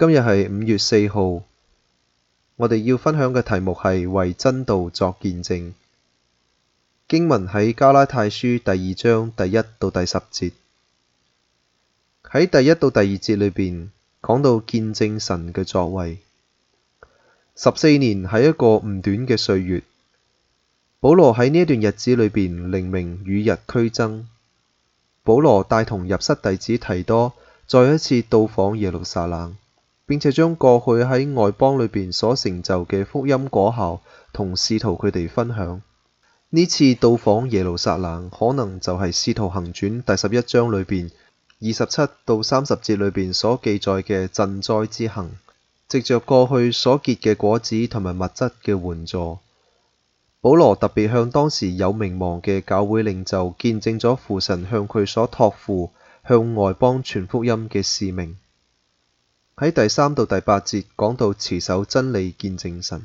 今日係五月四號，我哋要分享嘅題目係為真道作見證。經文喺加拉太書第二章第一到第十節。喺第一到第二節裏邊講到見證神嘅作為，十四年喺一個唔短嘅歲月，保羅喺呢段日子裏邊靈明與日俱增。保羅帶同入室弟子提多再一次到訪耶路撒冷。並且將過去喺外邦裏邊所成就嘅福音果效，同使徒佢哋分享。呢次到訪耶路撒冷，可能就係《使徒行傳》第十一章裏邊二十七到三十節裏邊所記載嘅賑災之行。藉着過去所結嘅果子同埋物質嘅援助，保羅特別向當時有名望嘅教會領袖見證咗父神向佢所託付向外邦傳福音嘅使命。喺第三到第八節講到持守真理見證神，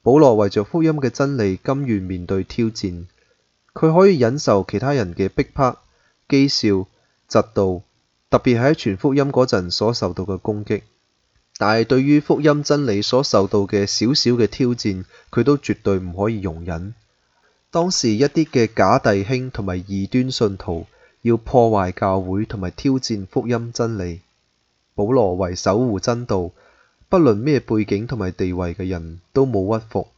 保羅為着福音嘅真理甘願面對挑戰，佢可以忍受其他人嘅逼迫、譏笑、嫉妒，特別係喺傳福音嗰陣所受到嘅攻擊。但係對於福音真理所受到嘅小小嘅挑戰，佢都絕對唔可以容忍。當時一啲嘅假弟兄同埋異端信徒要破壞教會同埋挑戰福音真理。保羅為守護真道，不論咩背景同埋地位嘅人都冇屈服，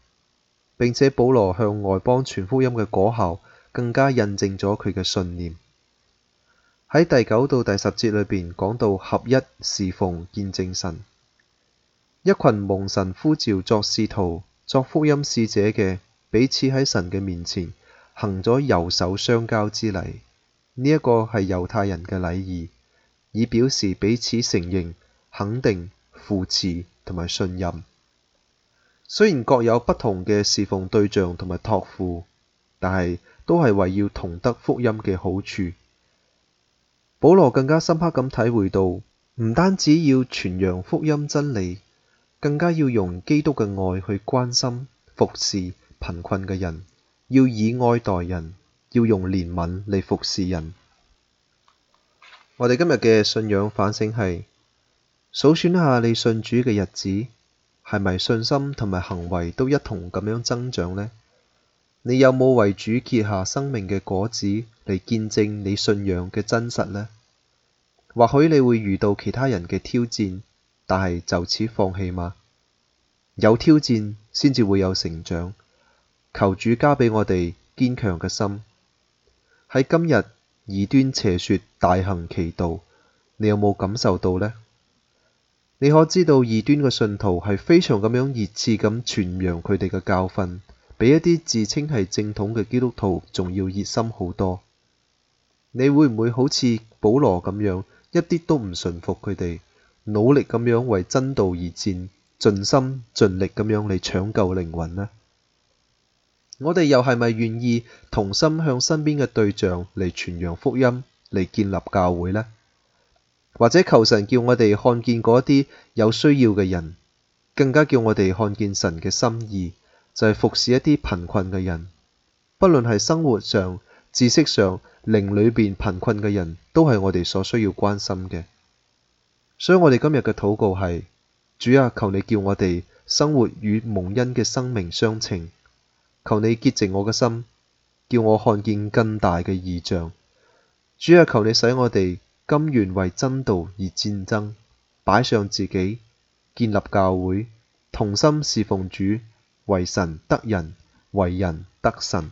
並且保羅向外邦傳福音嘅果效，更加印證咗佢嘅信念。喺第九到第十節裏邊講到合一侍奉見證神，一群蒙神呼召作使徒、作福音使者嘅，彼此喺神嘅面前行咗右手相交之禮，呢一個係猶太人嘅禮儀。以表示彼此承認、肯定、扶持同埋信任。雖然各有不同嘅侍奉對象同埋託付，但係都係為要同得福音嘅好處。保羅更加深刻咁體會到，唔單止要傳揚福音真理，更加要用基督嘅愛去關心、服侍貧困嘅人，要以愛待人，要用憐憫嚟服侍人。我哋今日嘅信仰反省係，數算一下你信主嘅日子，係咪信心同埋行為都一同咁樣增長呢？你有冇為主結下生命嘅果子嚟見證你信仰嘅真實呢？或許你會遇到其他人嘅挑戰，但係就此放棄嗎？有挑戰先至會有成長。求主加俾我哋堅強嘅心喺今日。異端邪說大行其道，你有冇感受到呢？你可知道異端嘅信徒係非常咁樣熱切咁傳揚佢哋嘅教訓，比一啲自稱係正統嘅基督徒仲要熱心好多？你會唔會好似保羅咁樣，一啲都唔順服佢哋，努力咁樣為真道而戰，盡心盡力咁樣嚟搶救靈魂呢？我哋又係咪願意同心向身邊嘅對象嚟傳揚福音，嚟建立教會呢？或者求神叫我哋看見嗰啲有需要嘅人，更加叫我哋看見神嘅心意就係服侍一啲貧困嘅人，不論係生活上、知識上，靈裏邊貧困嘅人都係我哋所需要關心嘅。所以我哋今日嘅禱告係：主啊，求你叫我哋生活與蒙恩嘅生命相稱。求你潔淨我嘅心，叫我看見更大嘅異象。主啊，求你使我哋甘願為真道而戰爭，擺上自己，建立教會，同心侍奉主，為神得人，為人得神。